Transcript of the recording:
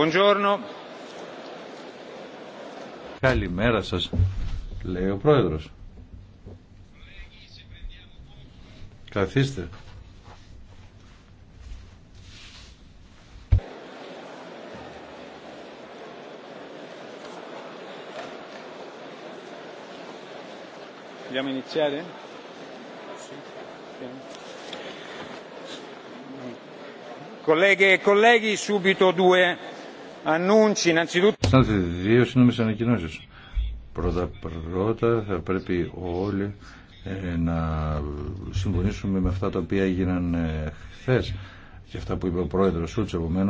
Buongiorno. Καλημέρα σας, λέει ο πρόεδρος. Καθίστε. Vogliamo iniziare? Colleghe e colleghi, subito due Συνάδελφοι, δύο σύντομε ανακοινώσει. Πρώτα πρώτα θα πρέπει όλοι ε, να συμφωνήσουμε με αυτά τα οποία έγιναν ε, χθε και αυτά που είπε ο πρόεδρο Σούτς